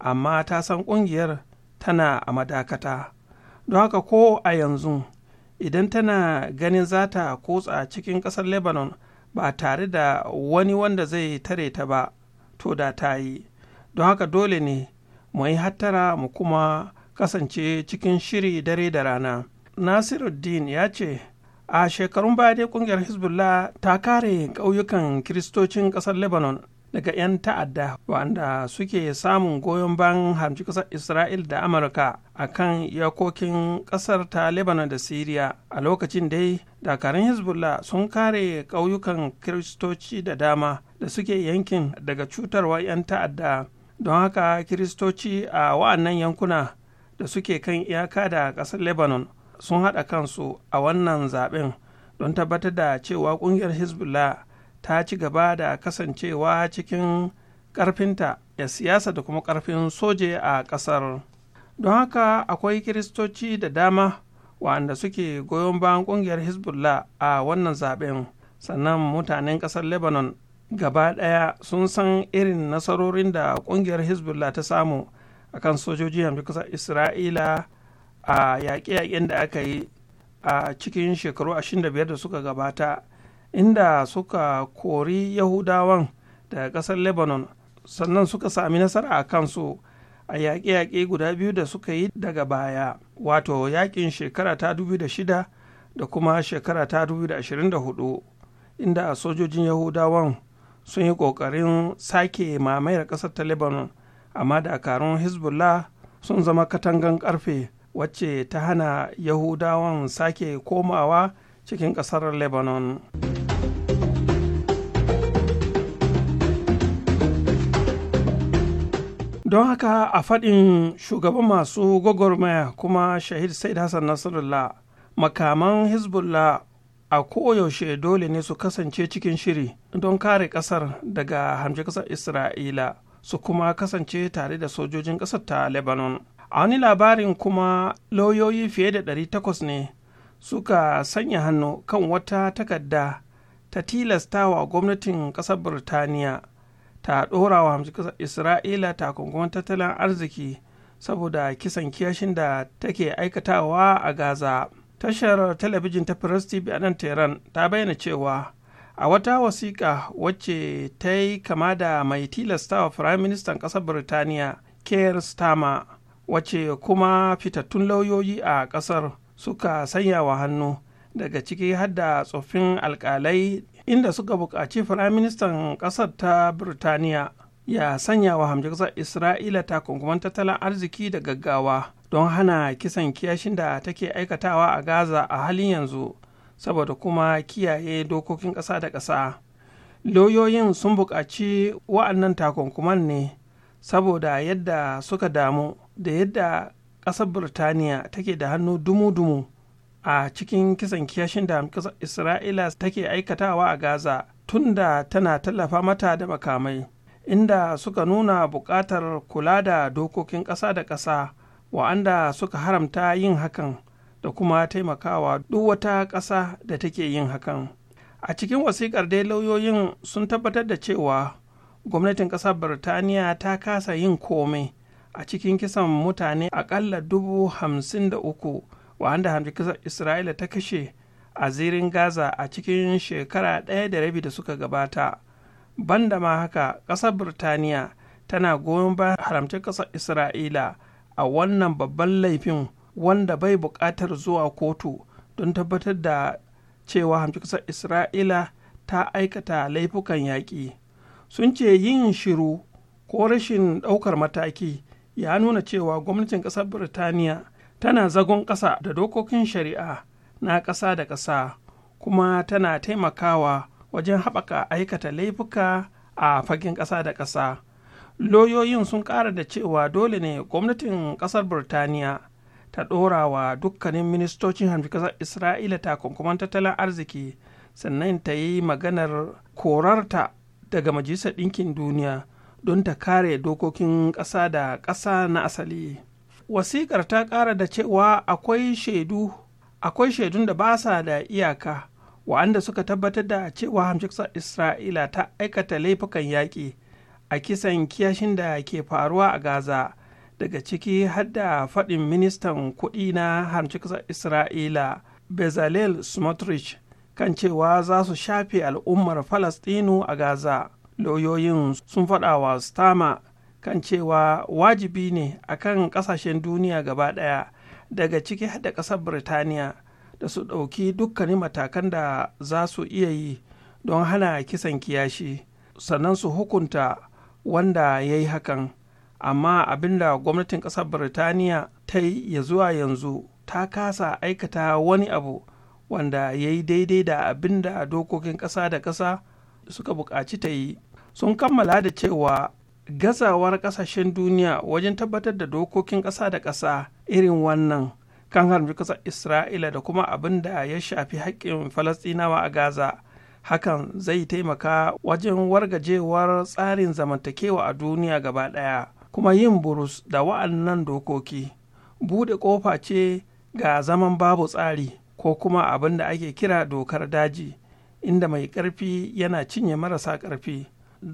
amma ta san ƙungiyar tana a madakata don haka ko a yanzu idan tana ganin za ta kutsa cikin ƙasar lebanon ba tare da wani wanda zai tare ta ba to da ta yi don haka dole ne mu yi hattara mu kuma kasance cikin shiri dare da rana nasiruddin ya ce a shekarun baya dai kungiyar hezbollah ta kare ƙauyukan kiristocin ƙasar lebanon daga 'yan ta'adda wanda suke samun goyon ban hamci ƙasar isra'il da amurka a kan yakokin ƙasar ta lebanon da syria a lokacin dai dakarun hezbollah sun kare ƙauyukan kiristoci da dama da suke yankin daga cutarwa 'yan ta'adda don haka kiristoci a wa'annan yankuna da suke kan iyaka da ƙasar lebanon sun haɗa kansu a wannan zaɓen don tabbatar da cewa ƙungiyar hezbollah ta ci gaba da kasancewa cikin ƙarfinta da siyasa da kuma ƙarfin soje a ƙasar don haka akwai kiristoci da dama waɗanda suke goyon bayan ƙungiyar hezbollah a wannan zaɓen sannan mutanen ƙasar lebanon gaba ɗaya sun san irin nasarorin da ƙungiyar hezbollah ta samu akan sojoji yanzu kasar isra'ila a yaƙe-yaƙen da aka yi a cikin shekaru 25 da suka gabata inda suka kori yahudawan daga ƙasar lebanon sannan suka sami nasara a kansu a yaƙe-yaƙe guda biyu da suka yi daga baya wato yaƙin shekara ta 2006 da kuma shekara ta 2024 inda sojojin yahudawan sun yi ƙoƙarin sake mamayar ƙasar ta lebanon amma dakarun hezbollah sun zama katangan karfe wacce ta hana yahudawan sake komawa cikin kasar lebanon don haka a faɗin shugaban masu gwagwarmaya kuma shahid said hassan nasrullah makaman hezbollah a koyaushe dole ne su kasance cikin shiri don kare ƙasar daga hamshe ƙasar isra'ila su kuma kasance tare da sojojin ƙasar ta lebanon a wani labarin kuma lauyoyi fiye da 800 ne suka sanya hannu kan wata takarda ta tilastawa gwamnatin ƙasar birtaniya ta ɗora wa ƙasar isra'ila takunkuman tattalin arziki saboda kisan kiyashin da take aikatawa a gaza tashar talabijin ta press tv a nan tehran ta bayyana cewa a wata wasiƙa wacce ta yi kama da mai tilastawa firayim ministan ƙasar birtaniya keir starmer wacce kuma fitattun lauyoyi a ƙasar suka sanya wa hannu daga ciki hadda tsoffin alkalai inda suka buƙaci firayim ministan ƙasar ta birtaniya ya sanya wa hamji ƙasar isra'ila takunkuman tattalin arziki da gaggawa don hana kisan kiyashin da take aikatawa a gaza a halin yanzu saboda kuma kiyaye dokokin ƙasa da ƙasa lauyoyin sun buƙaci wa'annan takunkuman ne saboda yadda suka damu da yadda ƙasar birtaniya take da hannu dumu-dumu a cikin kisan kiyashin da ƙasar isra'ila take aikatawa a gaza tunda tana tallafa mata da makamai inda suka nuna buƙatar kula da dokokin ƙasa da ƙasa wa'anda suka haramta yin hakan da kuma taimakawa duk wata ƙasa da take yin hakan a cikin wasiƙar dai lauyoyin sun tabbatar da cewa gwamnatin ƙasar birtaniya ta kasa yin komai a cikin kisan mutane aƙalla dubu hamsin da uku wanda hamdukasar isra'ila ta kashe a zirin gaza a cikin shekara ɗaya da rabi da suka gabata banda ma haka ƙasar birtaniya tana goyon bayan haramcin ƙasar isra'ila a wannan babban laifin wanda bai buƙatar zuwa kotu don tabbatar da cewa hamshiksar isra'ila ta aikata laifukan yaƙi sun ce yin shiru ko rashin ɗaukar mataki ya nuna cewa gwamnatin ƙasar birtaniya tana zagon ƙasa da dokokin shari'a na ƙasa da ƙasa kuma tana taimakawa wajen haɓaka aikata laifuka a fagen ƙasa da ƙasa. Loyoyin sun ƙara da cewa dole ne gwamnatin ƙasar Birtaniya. ta ɗora wa dukkanin ministocin hanfikasar isra'ila takunkuman tattalin arziki sannan ta yi maganar korarta daga majalisar ɗinkin duniya don ta kare dokokin ƙasa da ƙasa na asali wasikar ta ƙara da cewa akwai shaidu akwai shaidun da ba sa da iyaka wa'anda suka tabbatar da cewa hamshiksar isra'ila ta aikata laifukan yaƙi a kisan kiyashin da ke faruwa a gaza daga ciki hadda faɗin ministan kuɗi na harci ƙasar isra'ila bezalel smotrich kan cewa za su shafe al'ummar falastinu a gaza lauyoyin sun faɗa wa stama kan cewa wajibi ne a kan ƙasashen duniya gaba ɗaya daga ciki hadda ƙasar birtaniya da su ɗauki dukkanin matakan da za su iya yi don hana kisan kiyashi sannan su hukunta wanda ya yi hakan amma abinda gwamnatin ƙasar birtaniya ta yi ya zuwa yanzu ta kasa aikata wani abu wanda ya yi daidai da abinda dokokin ƙasa da ƙasa suka buƙaci ta yi sun kammala da cewa gazawar ƙasashen duniya wajen tabbatar da dokokin ƙasa da ƙasa irin wannan kan harbi ƙasar isra'ila da kuma abin da ya shafi haƙƙin falastinawa a gaza hakan zai taimaka wajen wargajewar tsarin zamantakewa a duniya gaba ɗaya kuma yin burus da wa'annan dokoki bude ƙofa ce ga zaman babu tsari ko kuma abin da ake kira dokar daji inda mai ƙarfi yana cinye marasa ƙarfi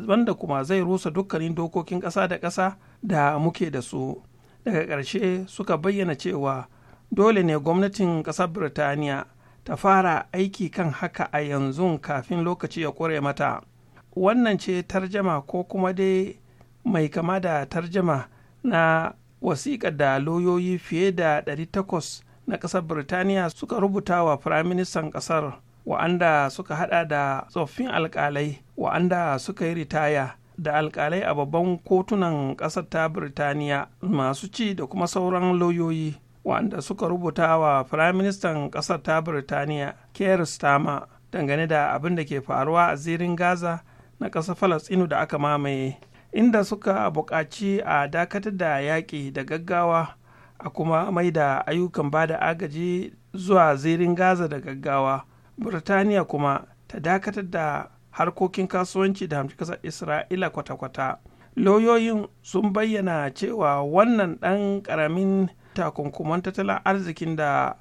wanda kuma zai rusa dukkanin dokokin ƙasa da ƙasa da muke da su daga ƙarshe suka bayyana cewa dole ne gwamnatin ƙasar birtaniya ta fara aiki kan haka a yanzu kafin lokaci ya ƙure mata wannan ce tarjama ko kuma dai mai kama da tarjama na wasiƙa da lauyoyi fiye da 800 na ƙasar birtaniya suka rubuta wa firaministan ƙasar wa'anda suka hada da tsoffin alƙalai wa'anda suka yi ritaya da alƙalai a babban kotunan ƙasar ta birtaniya masu ci da kuma sauran lauyoyi wa'anda suka rubuta wa firaministan ƙasar ta birtaniya keir starmer dangane da abin da ke faruwa a zirin gaza na ƙasar falastinu da aka mamaye inda suka buƙaci a dakatar da yaƙi da gaggawa a kuma mai da ayyukan ba da agaji zuwa zirin gaza da gaggawa birtaniya kuma ta dakatar da harkokin kasuwanci da hamshi ƙasar isra'ila kwata-kwata lauyoyin sun bayyana cewa wannan ɗan karamin takunkuman tattalin arzikin da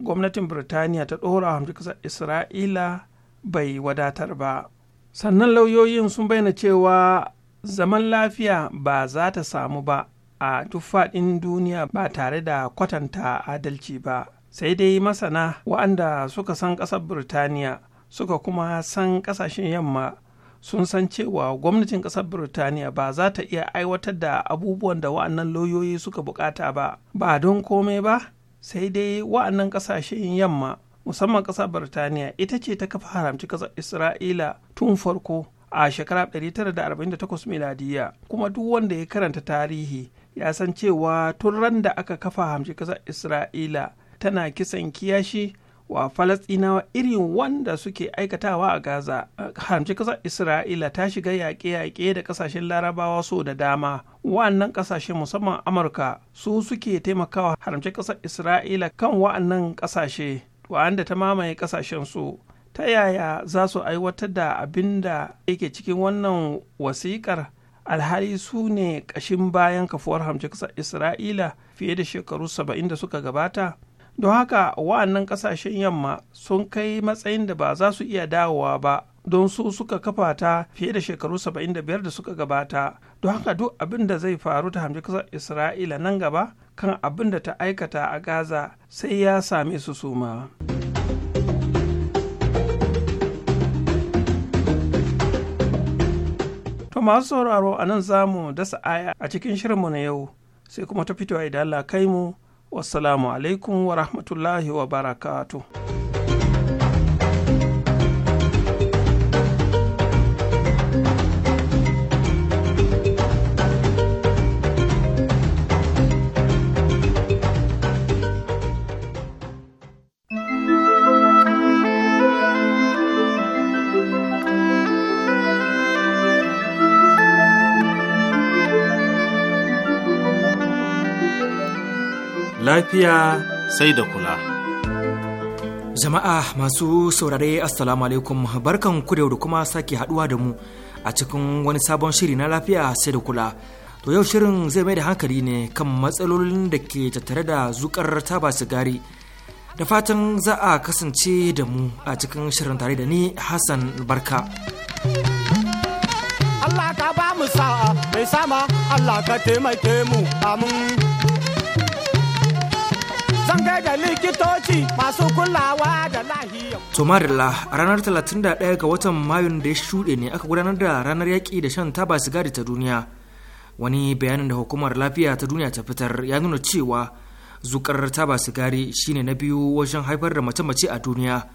gwamnatin birtaniya ta ɗora hamshi ƙasar isra'ila bai wadatar ba sannan lauyoyin sun bayyana cewa zaman lafiya ba za ta samu ba a tufaɗin duniya ba tare da kwatanta adalci ba sai dai masana wa'anda suka san ƙasar birtaniya suka kuma san ƙasashen yamma sun san cewa gwamnatin ƙasar birtaniya ba za ta iya aiwatar da abubuwan da wa'annan lauyoyi suka bukata ba ba don komai ba sai dai wa'annan ƙasashen yamma musamman ƙasar birtaniya ita ce ta kafa haramci ƙasar isra'ila tun farko a shekara 1948 miladiya kuma duk wanda ya karanta tarihi ya san cewa tun da aka kafa hamshi ƙasar isra'ila tana kisan kiyashi wa falasɗinawa irin wanda suke aikatawa a gaza hamshi ƙasar isra'ila ta shiga yaƙe-yaƙe da ƙasashen larabawa so da dama wa'annan ƙasashe musamman amurka su suke taimakawa haramci ƙasar isra'ila kan wa'annan ƙasashe wa'anda ta mamaye ƙasashen su ta yaya za su aiwatar da abin da yake cikin wannan wasiƙar alhali su ne ƙashin bayan kafuwar hamshiksar isra'ila fiye da shekaru saba'in da suka gabata don haka wa'annan ƙasashen yamma sun kai matsayin da ba za su iya dawowa ba don su suka kafa ta fiye da shekaru saba'in da biyar da suka gabata don haka duk abin da zai faru ta kasar isra'ila nan gaba kan abin da ta aikata a gaza sai ya same su suma. masu sauraro a nan za mu dasa aya a cikin shirinmu na yau sai kuma ta a idan Allah kai mu wasu alaikum wa rahmatullahi wa barakatuh lafiya sai da kula. Jama'a masu saurare Assalamu alaikum barkan ku da kuma sake haduwa da mu a cikin wani sabon shiri na lafiya sai da kula. To yau shirin zai mai da hankali ne kan matsalolin da ke tattare da zukar taba sigari. Da fatan za a kasance da mu a cikin shirin tare da ni Hassan Barka. Allah ka ba mu sa'a mai sama Allah ka taimake mu amin To da masu kulawa da a ranar 31 ga watan Mayun da ya shuɗe ne aka gudanar da ranar yaƙi da shan taba sigari ta duniya. Wani bayanin da hukumar lafiya ta duniya ta fitar ya nuna cewa zukar taba sigari shine na biyu wajen haifar da mace-mace a duniya.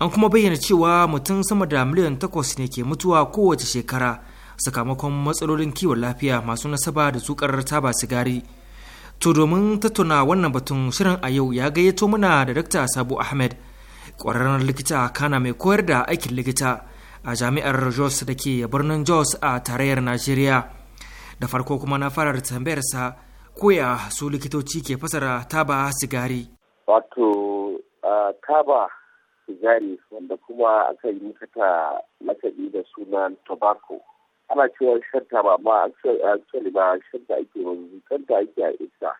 An kuma bayyana cewa mutum sama da miliyan takwas ne ke mutuwa kowace shekara sakamakon matsalolin kiwon lafiya masu nasaba da zukar taba sigari. To domin tattauna wannan batun shirin a yau ya gayyato mana da Dr. Sabo Ahmed, ƙwararren likita kana mai koyar da aikin likita a jami'ar Jos da ke birnin Jos a tarayyar Najeriya. Da farko kuma na fara da tambayarsa koya su likitoci ke fasara taba sigari. Wato taba sigari wanda kuma aka yi mata da sunan tobacco ana cewa shanta ba ma actually ba shanta ake wanzu shanta ake a isa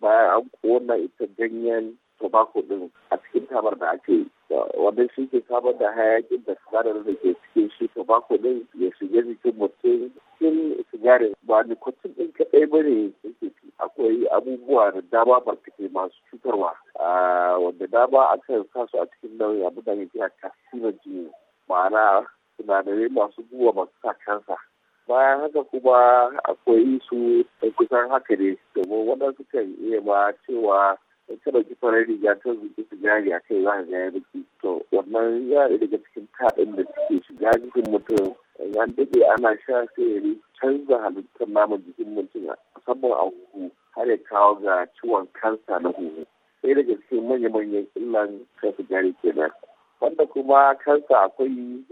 bayan an kona ita ganyen tobacco din a cikin tabar da ake wanda shi ke samar da hayakin da sinadarin da ke cikin shi tobacco din ya shige jikin mutum cikin sigarin ba nikotin din kaɗai ba ne akwai abubuwa da dama barkatai masu cutarwa wanda dama akan sa su a cikin nauyi abu da ya fi a tasirin jini ma'ana sinadarai masu guba masu sa kansa bayan haka kuma akwai su da kusan haka ne domin waɗansu kan iya ba cewa in ka ɗauki farar riga ta zuƙi sigari a kai za ka gaya ya to wannan ya daga cikin taɗin da suke shiga jikin mutum ya daɗe ana sha sai ya canza halittar naman jikin mutum musamman a huhu har ya kawo ga ciwon kansa na huhu sai daga cikin manya-manyan illan kan jari kenan wanda kuma kansa akwai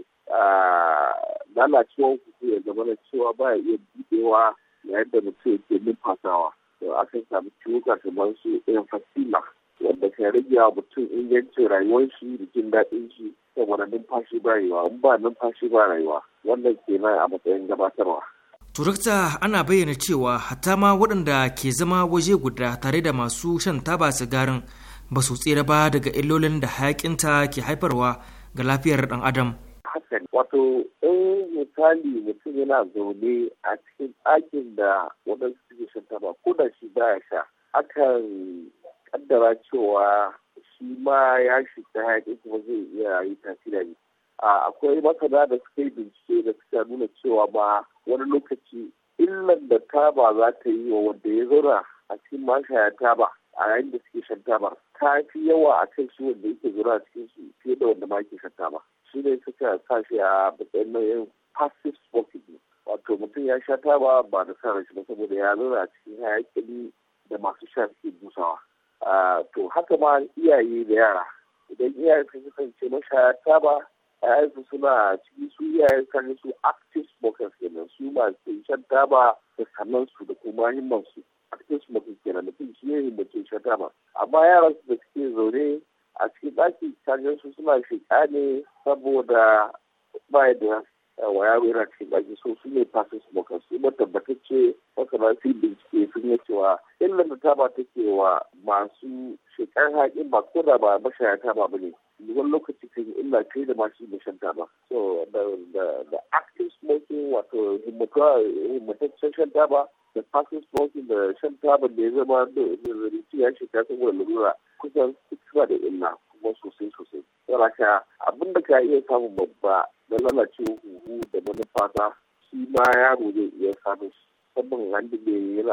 lalacewar hukuku ya zama na cewa ba ya iya buɗewa na yadda mutum yake numfasawa to akan samu ciwuka kamar su emphysema wanda kan rage wa mutum ingancin rayuwar shi da jin daɗin shi saboda numfashi ba rayuwa in ba numfashi ba rayuwa wannan na a matsayin gabatarwa. turakta ana bayyana cewa hatta ma waɗanda ke zama waje guda tare da masu shan taba sigarin ba su tsira ba daga illolin da hayakinta ke haifarwa ga lafiyar ɗan adam wato in misali mutum yana zaune a cikin ɗakin da waɗansu suke shan taba ko da shi baya sha akan kaddara cewa shi ma ya shiga hayaƙi kuma zai iya yi tasiri akwai masana da suka yi bincike da suka nuna cewa ba wani lokaci illar da taba za ta yi wa wanda ya zauna a cikin mashaya taba a yayin da suke shan taba ta fi yawa a kan shi wanda yake zauna a cikin shi fiye da wanda ma yake shan taba. shi ne suka sa shi a matsayin nau'in passive smoking wato mutum ya sha taba ba da sa shi ba saboda ya lura a cikin hayakin da masu sha suke busawa to haka ma iyaye da yara idan iyaye sun kasance mashaya taba su suna cikin su iyaye kan su active smokers kenan su masu shan taba da sannan su da kuma himmansu active smokers kenan mutum shi ne mutum shan taba amma yaran su da suke zaune a cikin ɗaki kaga su suna shiga ne saboda ba da eh, wa yaro yana cikin ɗaki so su ne fasin smokers su ba tabbatacce masana su bincike sun yi cewa illar da taba take wa masu shekar haƙin ba ko da ba mashaya taba ba ne wani lokaci kan illa kai da masu mashan taba so da active smoking wato eh, himmataccen shan taba da fasin smoking da shan tabar da ya zama da rinci ya shiga saboda lura kusan suna da illa kuma sosai sosai yana ka abin da ka iya samun babba da lalace huhu da manufa ta shi ma yaro zai iya samun shi saboda wanda bai yi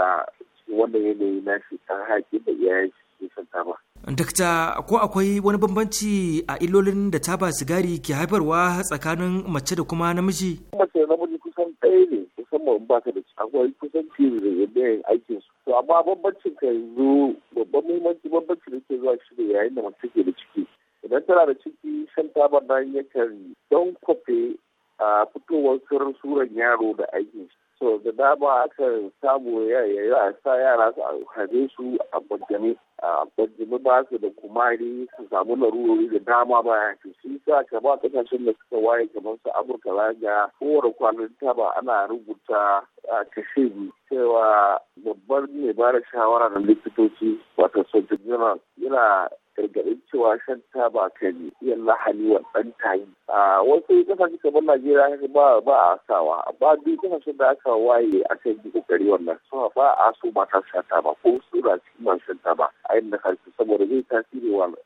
wannan yanayi na shi ta haƙi da iyayen ke taba. Dakta ko akwai wani bambanci a ilolin da taba sigari ke haifarwa tsakanin mace da kuma namiji? Mace da namiji kusan ɗaya ne musamman ba ta da ci akwai kusan fiye da yadda aikin su. To amma bambancin ka yanzu babban muhimmanci bambanci da ke zuwa shi ne yayin da mace ke da ciki. Idan tana da ciki shan tabar nan yakan don kwafe a fitowar sirrin suran yaro da aikin shi. so da dama aka samu yayi a sa yara su hade su a bajjame a bajjame ba su da kumari su samu larurori da dama ba ya to shi sa ka ba kasashen da suka waye kamar su amurka zaga kowane kwanan taba ana rubuta a kashe cewa babban mai ba da shawara na likitoci wato surgeon yana gargaɗin cewa shan taba kan iya lahani wa ɗan tayi. A wasu kasashe kamar Najeriya ba ba a sawa ba duk kasashen da aka waye a kan yi ƙoƙari wannan ba a so mata sha taba ko su na su ma shan taba a yadda kansu saboda zai tasiri wa ba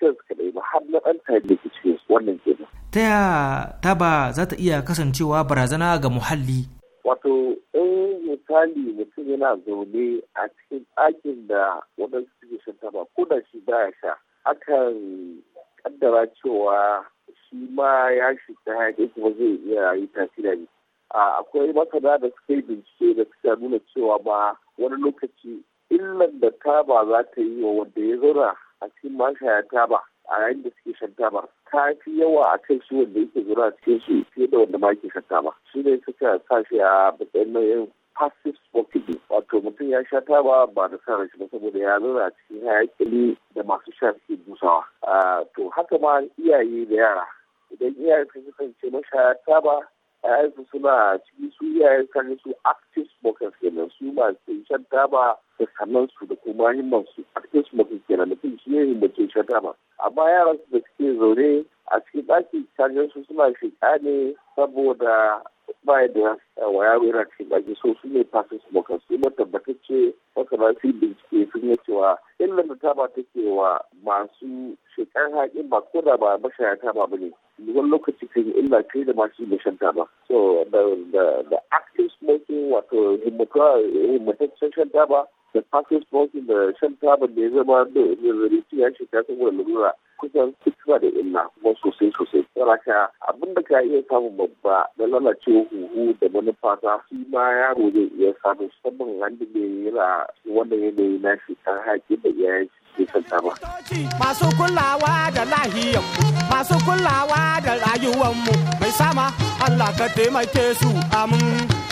su kaɗai ba har na ɗan tayi da ke cikin wannan kenan. Ta yaya taba za ta iya kasancewa barazana ga muhalli Wato in misali mutum yana zaune a cikin ɗakin da waɗansu suke shan taba ko da shi baya sha akan kaddara cewa shi ma ya shiga hayaƙi kuma zai iya yi tasiri ne. Akwai masana da suka yi bincike da suka nuna cewa ba wani lokaci illar da taba za ta yi wa wanda ya zauna a cikin mashaya taba a yayin da suke shan taba ta fi yawa a kai su wanda yake zura a cikin su fiye da wanda ma yake shan taba shi ne suka sa shi a matsayin nau'in passive smoking wato mutum ya sha taba ba da sa shi ba saboda ya zura cikin hayaƙi da masu sha suke busawa to haka ma iyaye da yara idan iyaye sun kasance mashaya taba yayansu suna cikin su iyayen kan su active smokers kenan su masu shan taba da sannan su da kuma himman su active smokers kenan mutum shi ne himmace shan taba amma yaran da suke zaune a cikin ɗaki kaga su suna shiga ne saboda ba da wa yaro yana cikin ɗaki so su ne fasin smokers su ma tabbatacce masana su bincike sun yi cewa illar da ta ba take wa masu shekar haƙin ba ko da ba mashayata ba ne wani lokaci kan yi illa kai da masu yi shan taba so da aikin wato himmataccen shan taba da passive smoking da shan taba da ya zama da su ya shiga saboda lura kusan suna da illa kuma sosai sosai saraka abin da ka iya samun babba da lalace huhu da manufa ta fi ma yaro zai iya samun saman wanda mai wanda ya yanayi na shi haƙi da iyayen shi ke taba. Masu kulawa da lahiyar masu kulawa da rayuwar mu mai sama Allah ka taimake su amin.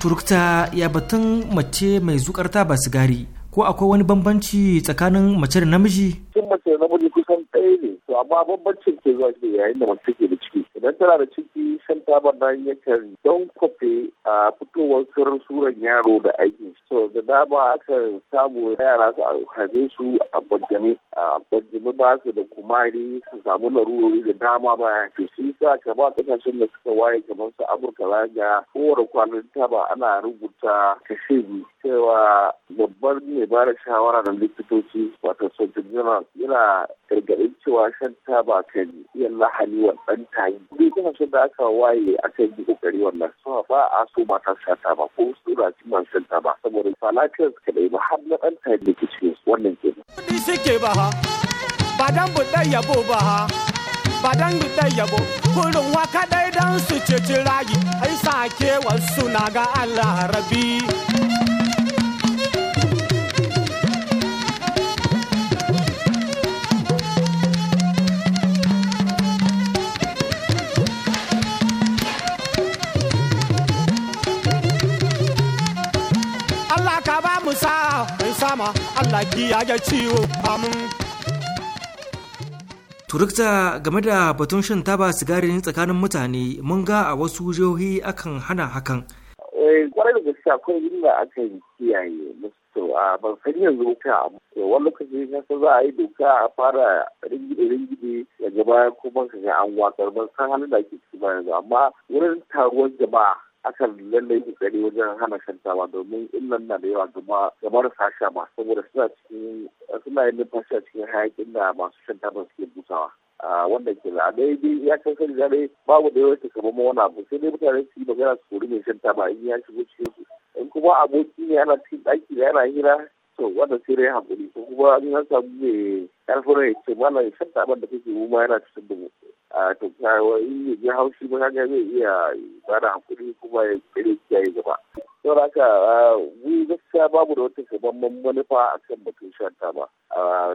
turukta ya batun mace mai zukar taba sigari ko akwai wani bambanci tsakanin mace da namiji? Cin mace da namiji kusan ɗaya ne, to amma bambancin ke zuwa ke yayin da mace take da ciki. Idan tana da ciki shan taba nan yakan don kwafe a fitowar sirrin suran yaro da aikin so da dama aka samu yara su haife su a bajjame a bajjame ba su da kumari su samu larurori da dama ba to shi sa kama kasashen da suka waye kamar su amurka ga kowar kwanan taba ana rubuta kashe cewa babban mai ba da shawara da likitoci wato sojin general yana gargaɗin cewa shan ta taba kan iya lahani wa ɗan tayi duk kasashen da aka waye aka yi kokari wannan so ba a so mata sha taba ko su raci man shan taba ba. saboda ba lafiyar su ba har na ɗan tayar da cikin su wannan ke nan. Kuɗi suke ba ha, ba dan buɗe yabo ba ha, ba dan buɗe yabo, kurin wa kaɗai dan su ceci rayu, ai sake wasu na ga Allah rabi. musa sama Allah ya ciwo amin. Turukta game da batun shan taba sigari tsakanin mutane mun ga a wasu jihohi akan hana hakan. Eh, kwarai da gaske akwai inda aka yi kiyaye musu a ban san yanzu doka wani lokaci sa za a yi doka a fara ringide-ringide da baya kuma ka ga an watsar ban san hannun da ake ciki ba yanzu amma wurin taruwar jama'a akan lallai kokari wajen hana shantawa domin illan na da yawa gama ga marasa sha ba saboda suna cikin suna yin numfashi a cikin hayakin da masu shanta ba suke busawa wanda ke da dai dai ya kan sani dare babu da yawa ta kama wani abu sai dai mutane su yi magana su kori mai shanta ba in ya shigo cikin su in kuma aboki ne ana cikin ɗaki da yana hira to wanda sai dai hakuri ko kuma in ya samu mai ƙarfin ya ce mana ya shanta abin da kake mu ma yana cikin dubu a to kawai ya ji haushi ba kaga zai iya da hakuri kuma ya kere kiyaye gaba saboda haka mu gaskiya babu da wata shabamman manufa a kan batun shanta ba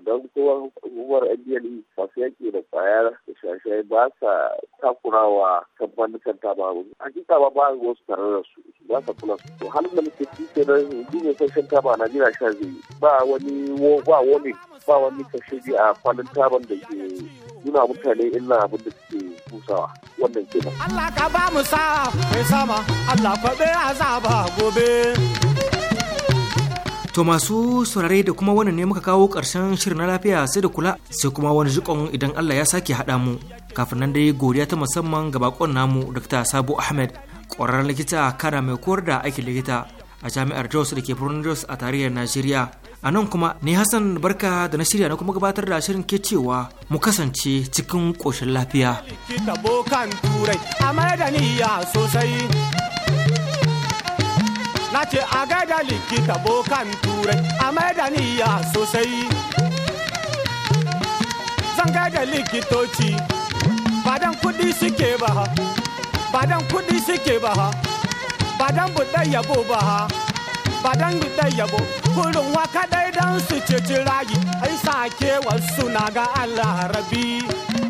don kowa hukumar ndl e masu yaki da kwayar da shashai ba sa takurawa kamfanin shanta ba hakika ba ba wasu tare da su ba sa kula to halin da muke cike ne jini shan taba a na sha zai ba wani ba wani ba wani kashe tafi a kwanan taban da ke nuna mutane illa abin da suke kusawa wannan kenan. Allah ka ba mu sa mai sama Allah ka kwaɓe azaba gobe. To masu saurare da kuma wannan ne muka kawo ƙarshen shirin na lafiya sai da kula sai kuma wani jikon idan Allah ya sake haɗa mu. Kafin nan dai godiya ta musamman ga bakon namu Dr. Sabo Ahmed, ƙwararren likita kana mai koyar da aikin likita a jami'ar Jos da ke Jos a tarihin Najeriya. A nan kuma ni Hassan barka da na shirya na kuma gabatar da shirin ke cewa mu kasance cikin ƙoshin lafiya. Likita bokan turai a da niyya sosai. Na ce a gaida likita bokan turai a da niyya sosai. Zan gaida likitoci badan kudi suke ba ha, badan kuɗi suke ba ha, badan buɗe yabo ba ha. ba dan da yabo kurin waka dai dan su ceci rayi ai sake wasu na ga Allah rabbi.